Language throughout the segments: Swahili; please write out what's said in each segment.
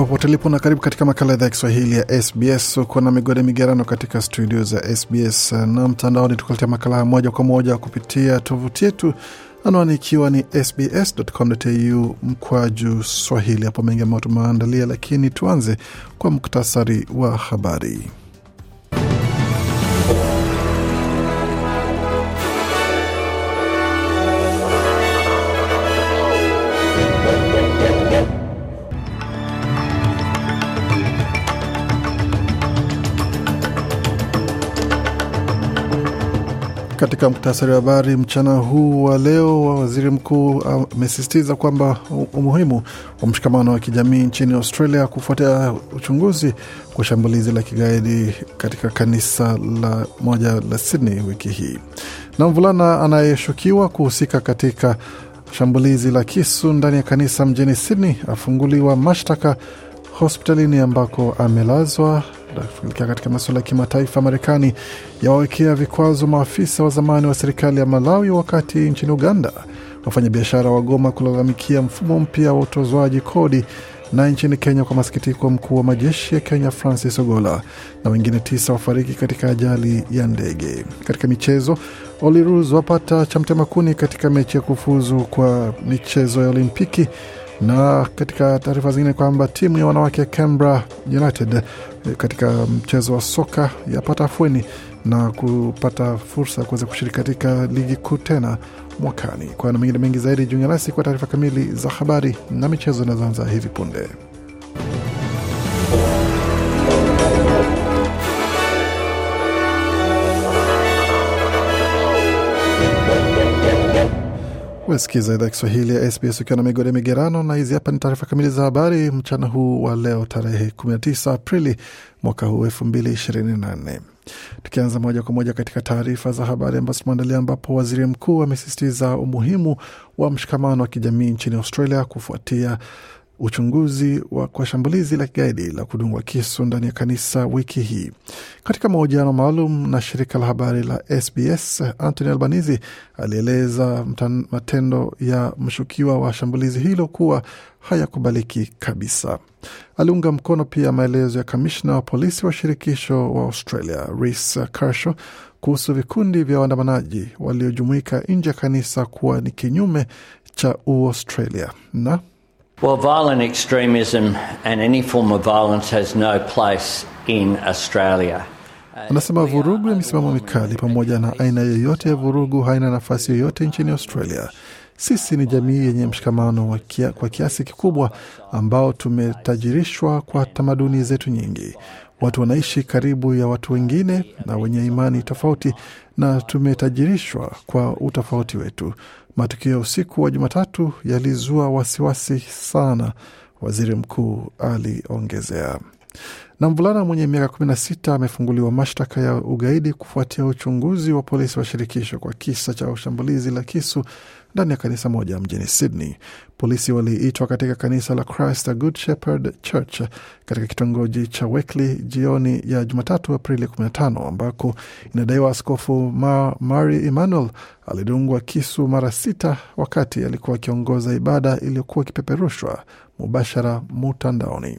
mahala popote na karibu katika makala idhaa ya Kiswahili ya SBS. Uko na migode migerano katika studio za SBS uh, na mtandaoni, tukuletea makala moja kwa moja kupitia tovuti yetu, anwani ikiwa ni sbs.com.au mkwaju swahili. Hapo mengi ambayo tumeandalia, lakini tuanze kwa muktasari wa habari. Katika muktasari wa habari mchana huu wa leo, waziri mkuu amesisitiza kwamba umuhimu wa mshikamano wa kijamii nchini Australia kufuatia uchunguzi kwa shambulizi la kigaidi katika kanisa la moja la Sydney wiki hii, na mvulana anayeshukiwa kuhusika katika shambulizi la kisu ndani ya kanisa mjini Sydney afunguliwa mashtaka hospitalini ambako amelazwa Tukielekea katika masuala ya kimataifa, Marekani yawawekea vikwazo maafisa wa zamani wa serikali ya Malawi, wakati nchini Uganda wafanyabiashara wa goma kulalamikia mfumo mpya wa utozwaji kodi na nchini Kenya, kwa masikitiko, mkuu wa majeshi ya Kenya Francis Ogola na wengine tisa wafariki katika ajali ya ndege. Katika michezo, Olirus wapata chamtema kuni katika mechi ya kufuzu kwa michezo ya Olimpiki na katika taarifa zingine kwamba timu ya wanawake ya Canberra United eh, katika mchezo wa soka yapata afueni na kupata fursa ya kuweza kushiriki katika ligi kuu tena mwakani. Kwa na mengine mengi zaidi, jiunge nasi kwa taarifa kamili za habari na michezo inazoanza hivi punde. Wasikiza idhaa Kiswahili ya SBS ukiwa na migode migerano, na hizi hapa ni taarifa kamili za habari mchana huu wa leo tarehe 19 Aprili mwaka huu 2024. Tukianza moja kwa moja katika taarifa za habari ambazo tumeandalia, ambapo waziri mkuu amesisitiza umuhimu wa mshikamano wa kijamii nchini Australia kufuatia uchunguzi wa kwa shambulizi la kigaidi la kudungwa kisu ndani ya kanisa wiki hii. Katika mahojiano maalum na shirika la habari la SBS, Anthony Albanese alieleza matendo ya mshukiwa wa shambulizi hilo kuwa hayakubaliki kabisa. Aliunga mkono pia maelezo ya kamishna wa polisi wa shirikisho wa Australia ris Kershaw kuhusu vikundi vya waandamanaji waliojumuika nje ya kanisa kuwa ni kinyume cha Uaustralia na Well, violent extremism and any form of violence has no place in Australia. Anasema vurugu ya misimamo mikali pamoja na aina yoyote ya vurugu haina nafasi yoyote nchini Australia. Sisi ni jamii yenye mshikamano kia, kwa kiasi kikubwa ambao tumetajirishwa kwa tamaduni zetu nyingi. Watu wanaishi karibu ya watu wengine na wenye imani tofauti, na tumetajirishwa kwa utofauti wetu. Matukio ya usiku wa Jumatatu yalizua wasiwasi sana, waziri mkuu aliongezea. Na mvulana mwenye miaka 16 amefunguliwa mashtaka ya ugaidi kufuatia uchunguzi wa polisi wa shirikisho kwa kisa cha ushambulizi la kisu ndani ya kanisa moja mjini Sydney. Polisi waliitwa katika kanisa la Christ the Good Shepherd Church katika kitongoji cha Wekly jioni ya Jumatatu, Aprili 15 ambako inadaiwa askofu Ma Mari Emmanuel alidungwa kisu mara sita wakati alikuwa akiongoza ibada iliyokuwa ikipeperushwa mubashara mutandaoni.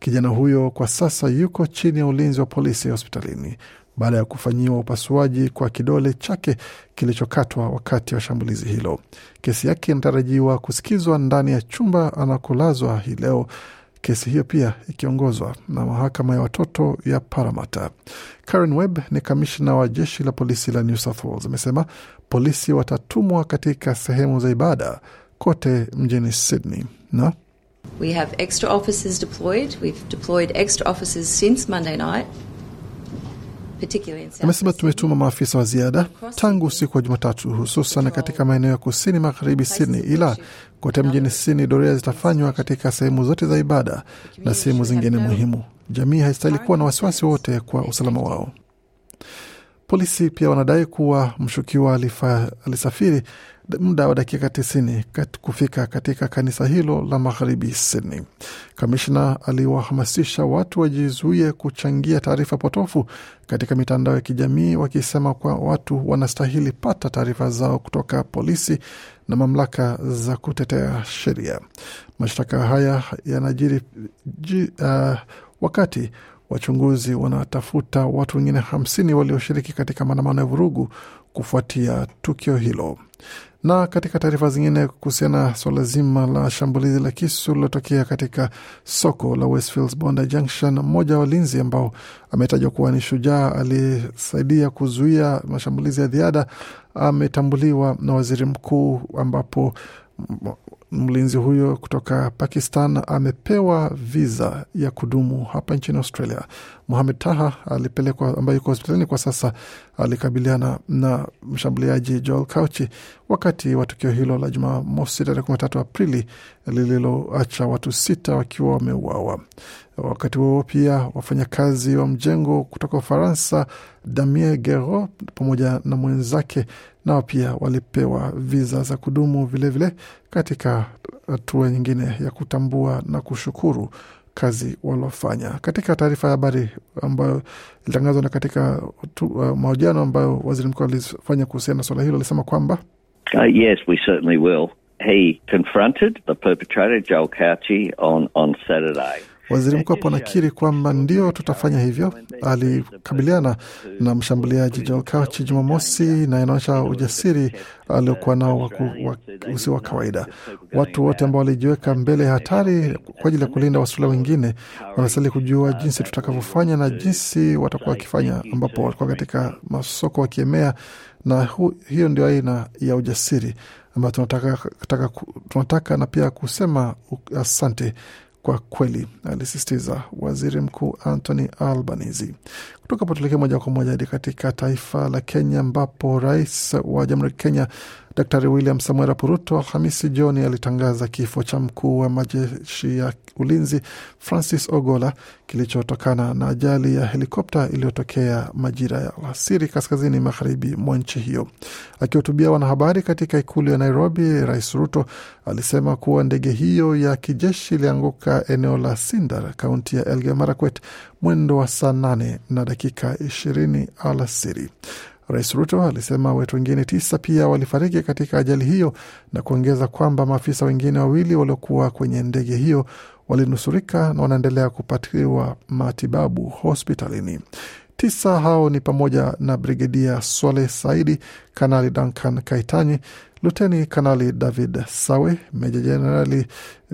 Kijana huyo kwa sasa yuko chini ya ulinzi wa polisi hospitalini baada ya kufanyiwa upasuaji kwa kidole chake kilichokatwa wakati wa shambulizi hilo. Kesi yake inatarajiwa kusikizwa ndani ya chumba anakolazwa hii leo, kesi hiyo pia ikiongozwa na mahakama ya watoto ya paramata Karen Webb ni kamishna wa jeshi la polisi la New South Wales, amesema polisi watatumwa katika sehemu za ibada kote mjini Sydney na We have extra officers deployed. We've deployed extra officers since Monday night Amesema tumetuma maafisa wa ziada tangu usiku wa Jumatatu, hususan katika maeneo ya kusini magharibi Sydney, ila kote mjini Sydney doria zitafanywa katika sehemu zote za ibada na sehemu zingine muhimu. Jamii haistahili kuwa na wasiwasi wote kwa usalama wao. Polisi pia wanadai kuwa mshukiwa alisafiri muda wa dakika 90 kat kufika katika kanisa hilo la magharibi Sydney. Kamishna aliwahamasisha watu wajizuie kuchangia taarifa potofu katika mitandao ya kijamii, wakisema kwa watu wanastahili pata taarifa zao kutoka polisi na mamlaka za kutetea sheria. Mashtaka haya yanajiri uh, wakati wachunguzi wanatafuta watu wengine hamsini walioshiriki katika maandamano ya vurugu kufuatia tukio hilo. Na katika taarifa zingine kuhusiana na zima la shambulizi la kisu lilotokea katika soko la Westfields Bondi Junction, mmoja wa walinzi ambao ametajwa kuwa ni shujaa aliyesaidia kuzuia mashambulizi ya ziada ametambuliwa na waziri mkuu, ambapo mlinzi huyo kutoka Pakistan amepewa viza ya kudumu hapa nchini Australia. muhamed Taha alipelekwa, ambaye yuko hospitalini kwa sasa, alikabiliana na mshambuliaji Joel Kauchi wakati wa tukio hilo la Jumamosi tarehe 13 Aprili lililoacha watu sita wakiwa wameuawa. Wakati huo pia wafanyakazi wa mjengo kutoka Ufaransa, Damien Gero pamoja na mwenzake nao pia walipewa viza za kudumu vilevile vile, katika hatua nyingine ya kutambua na kushukuru kazi waliofanya. Katika taarifa ya habari ambayo ilitangazwa na katika uh, mahojiano ambayo waziri mkuu alifanya kuhusiana na suala hilo, alisema kwamba uh, yes, we certainly will. He confronted the perpetrator Joel on, on Saturday. Waziri mkuu hapo anakiri kwamba ndio tutafanya hivyo. Alikabiliana na mshambuliaji Joel Kauchi Jumamosi, na inaonyesha ujasiri aliokuwa nao usio wa kawaida. Watu wote ambao walijiweka mbele ya hatari kwa ajili ya kulinda wasula wengine wanastahili kujua jinsi tutakavyofanya na jinsi watakuwa wakifanya, ambapo walikuwa katika masoko wakiemea, na hu, hiyo ndio aina ya ujasiri ambayo tunataka, tunataka na pia kusema asante kwa kweli, alisisitiza waziri mkuu Anthony Albanese. Kutoka tuelekee moja kwa moja hadi katika taifa la Kenya, ambapo rais wa jamhuri ya Kenya Daktari William Samuel Ruto Alhamisi jioni alitangaza kifo cha mkuu wa majeshi ya ulinzi Francis Ogola kilichotokana na ajali ya helikopta iliyotokea majira ya alasiri kaskazini magharibi mwa nchi hiyo. Akihutubia wanahabari katika ikulu ya Nairobi, Rais Ruto alisema kuwa ndege hiyo ya kijeshi ilianguka eneo la Sindar, kaunti ya Elgeyo Marakwet mwendo wa saa nane na dakika ishirini alasiri. Rais Ruto alisema watu wengine tisa pia walifariki katika ajali hiyo na kuongeza kwamba maafisa wengine wawili waliokuwa kwenye ndege hiyo walinusurika na wanaendelea kupatiwa matibabu hospitalini. Tisa hao ni pamoja na Brigedia Swale Saidi, Kanali Duncan Kaitanyi, Luteni Kanali David Sawe, Meja Jenerali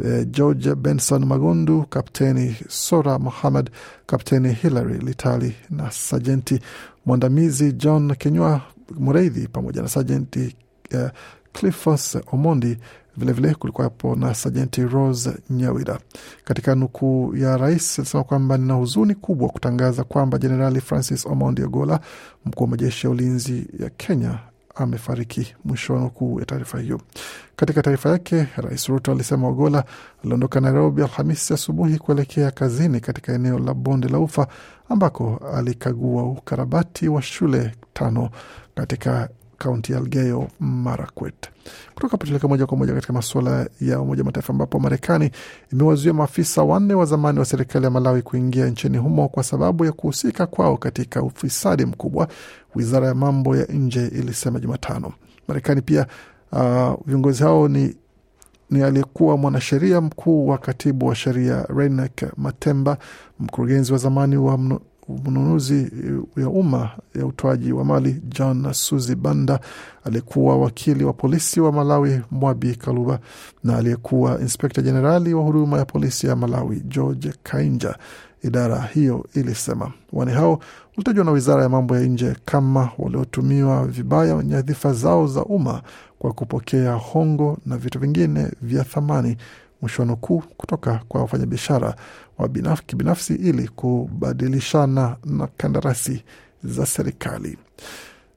eh, George Benson Magundu, Kapteni Sora Muhammad, Kapteni Hilary Litali na Sajenti Mwandamizi John Kenywa Mureithi pamoja na Sajenti eh, Cliffos Omondi. Vilevile kulikuwapo na Sajenti Rose Nyawira. Katika nukuu ya rais alisema kwamba nina huzuni kubwa kutangaza kwamba Jenerali Francis Omondi Ogola, mkuu wa majeshi ya ulinzi ya Kenya, amefariki. Mwisho wa nukuu ya taarifa hiyo. Katika taarifa yake, Rais Ruto alisema Ogola aliondoka Nairobi Alhamisi asubuhi kuelekea kazini katika eneo la bonde la Ufa ambako alikagua ukarabati wa shule tano katika kaunti ya Elgeyo Marakwet. Kutoka patulika moja kwa moja katika masuala ya Umoja Mataifa, ambapo Marekani imewazuia maafisa wanne wa zamani wa serikali ya Malawi kuingia nchini humo kwa sababu ya kuhusika kwao katika ufisadi mkubwa, wizara ya mambo ya nje ilisema Jumatano. Marekani pia uh, viongozi hao ni ni aliyekuwa mwanasheria mkuu wa katibu wa sheria Renek Matemba, mkurugenzi wa zamani wa mnunuzi eh, ya umma ya utoaji wa mali John Suzi Banda, aliyekuwa wakili wa polisi wa Malawi Mwabi Kaluba na aliyekuwa inspekta jenerali wa huduma ya polisi ya Malawi George Kainja. Idara hiyo ilisema wani hao walitajwa na wizara ya mambo ya nje kama waliotumiwa vibaya nyadhifa zao za umma kwa kupokea hongo na vitu vingine vya thamani mwishoano kuu kutoka kwa wafanyabiashara wa kibinafsi ili kubadilishana na kandarasi za serikali.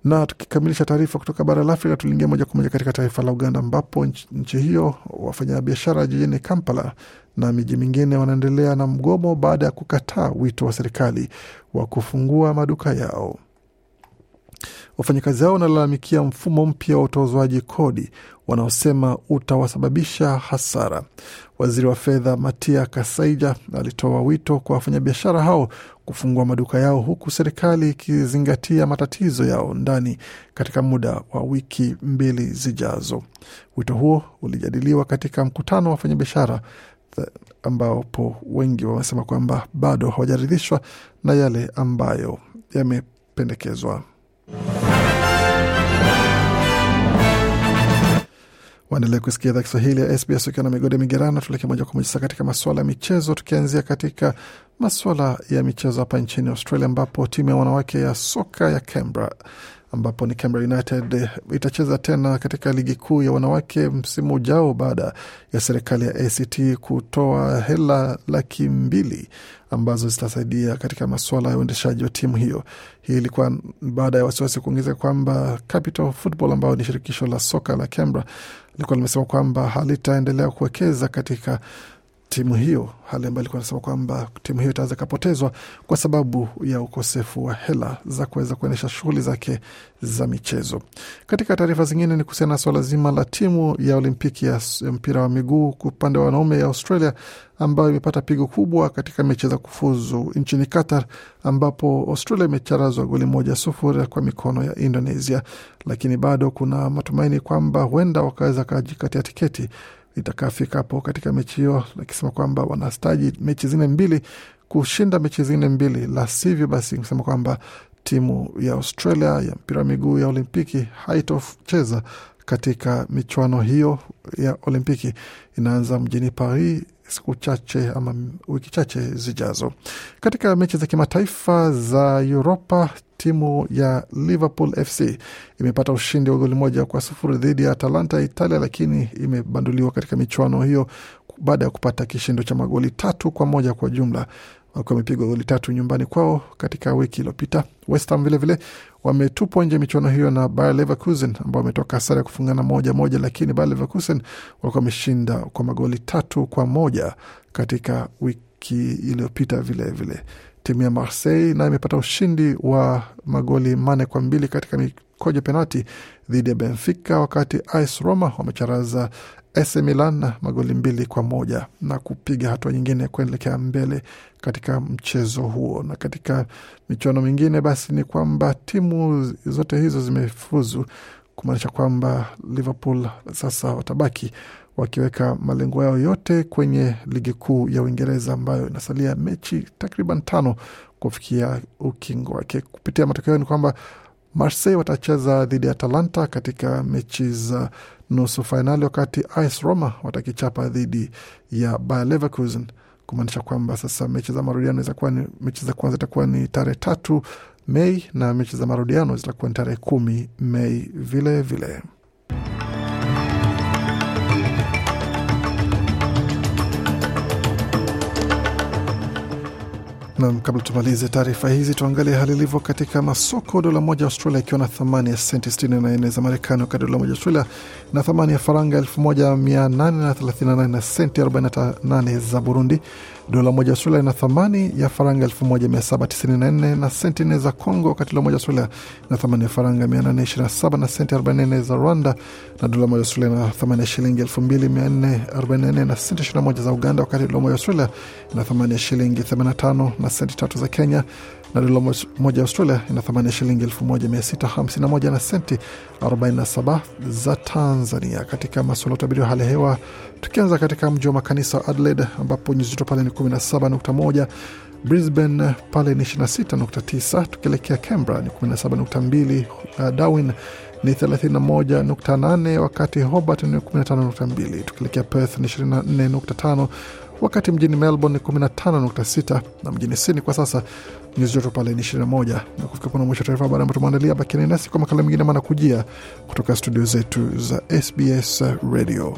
Na tukikamilisha taarifa kutoka bara la Afrika, tuliingia moja kwa moja katika taifa la Uganda, ambapo nchi hiyo wafanyabiashara jijini Kampala na miji mingine wanaendelea na mgomo baada ya kukataa wito wa serikali wa kufungua maduka yao. Wafanyakazi hao wanalalamikia mfumo mpya wa utozwaji kodi wanaosema utawasababisha hasara. Waziri wa fedha Matia Kasaija alitoa wito kwa wafanyabiashara hao kufungua maduka yao huku serikali ikizingatia matatizo yao ndani katika muda wa wiki mbili zijazo. Wito huo ulijadiliwa katika mkutano wa wafanyabiashara ambapo wengi wamesema kwamba bado hawajaridhishwa na yale ambayo yamependekezwa waendelee kusikia idhaa Kiswahili ya SBS ukiwa na migode migerano. Tuelekea moja kwa moja sasa katika masuala ya michezo, tukianzia katika masuala ya michezo hapa nchini Australia, ambapo timu ya wanawake ya soka ya Canberra ambapo ni Canberra United itacheza tena katika ligi kuu ya wanawake msimu ujao baada ya serikali ya ACT kutoa hela laki mbili ambazo zitasaidia katika masuala ya uendeshaji wa timu hiyo. Hii ilikuwa baada ya wasiwasi kuongeza kwamba Capital Football ambayo ni shirikisho la soka la Canberra likuwa limesema kwamba halitaendelea kuwekeza katika timu hiyo, hali ambayo ilikuwa inasema kwamba timu hiyo itaweza ikapotezwa kwa sababu ya ukosefu wa hela za kuweza kuendesha shughuli zake za michezo. Katika taarifa zingine, ni kuhusiana na suala zima la timu ya Olimpiki ya mpira wa miguu kwa upande wa wanaume ya Australia ambayo imepata pigo kubwa katika mechi za kufuzu nchini Qatar, ambapo Australia imecharazwa goli moja sufuri kwa mikono ya Indonesia, lakini bado kuna matumaini kwamba huenda wakaweza kajikatia tiketi litakafika hapo katika mechi hiyo, akisema kwamba wanastaji mechi zingine mbili kushinda mechi zingine mbili, la sivyo basi kusema kwamba timu ya Australia ya mpira wa miguu ya Olimpiki haitocheza katika michuano hiyo ya Olimpiki. Inaanza mjini Paris siku chache ama wiki chache zijazo. Katika mechi za kimataifa za Uropa, timu ya Liverpool FC imepata ushindi wa goli moja kwa sufuri dhidi ya Atalanta ya Italia, lakini imebanduliwa katika michuano hiyo baada ya kupata kishindo cha magoli tatu kwa moja kwa jumla wakiwa wamepigwa goli tatu nyumbani kwao katika wiki iliyopita. West Ham vilevile wametupwa nje michuano hiyo na Bayer Leverkusen ambao wametoka sare ya kufungana moja moja, lakini Bayer Leverkusen walikuwa wameshinda kwa magoli tatu kwa moja katika wiki iliyopita vilevile timu ya Marseille nayo imepata ushindi wa magoli manne kwa mbili katika mikojo penalti dhidi ya Benfica, wakati AS Roma wamecharaza AC Milan magoli mbili kwa moja na kupiga hatua nyingine kuelekea mbele katika mchezo huo. Na katika michuano mingine, basi ni kwamba timu zote hizo zimefuzu kumaanisha kwamba Liverpool sasa watabaki wakiweka malengo yao yote kwenye ligi kuu ya Uingereza ambayo inasalia mechi takriban tano kufikia ukingo wake. Kupitia matokeo ni kwamba Marseille watacheza dhidi ya Atalanta katika mechi za nusu fainali, wakati AS Roma watakichapa dhidi ya Bayer Leverkusen, kumaanisha kwamba sasa mechi za marudiano zitakuwa ni mechi za kwanza itakuwa ni tarehe tatu Mei na mechi za marudiano zitakuwa ni tarehe kumi Mei vilevile vile. Na kabla tumalize taarifa hizi, tuangalie hali ilivyo katika masoko. Dola moja Australia ikiwa na thamani ya senti 64 za Marekani, wakati dola moja Australia na thamani ya faranga 1838 na senti 48 za Burundi, Dola moja ya Australia ina thamani ya faranga 1794 na senti nne za Congo, wakati dola moja ya Australia ina thamani ya faranga 827 na senti 44 za Rwanda, na dola moja ya Australia ina thamani ya shilingi 2444 na senti 21 za Uganda, wakati dola moja ya Australia ina thamani ya shilingi 85 na senti tatu za Kenya na dola moja ya Australia ina thamani ya shilingi 1651 na senti 47 za Tanzania. Katika masuala ya utabiri wa hali ya hewa, tukianza katika mji wa makanisa wa Adelaide ambapo nyuzi joto pale ni 17.1 Brisbane pale ni 26.9, tukielekea Canberra ni 17.2, uh, Darwin ni 31.8, wakati Hobart ni 15.2, tukielekea Perth ni 24.5, wakati mjini Melbourne ni 15.6 na mjini Sydney kwa sasa nyuzi joto pale ni 21. Na kufika kuna mwisho taarifa habari ambayo tumeandalia, bakieni nasi kwa makala mengine manakujia kutoka studio zetu za SBS Radio.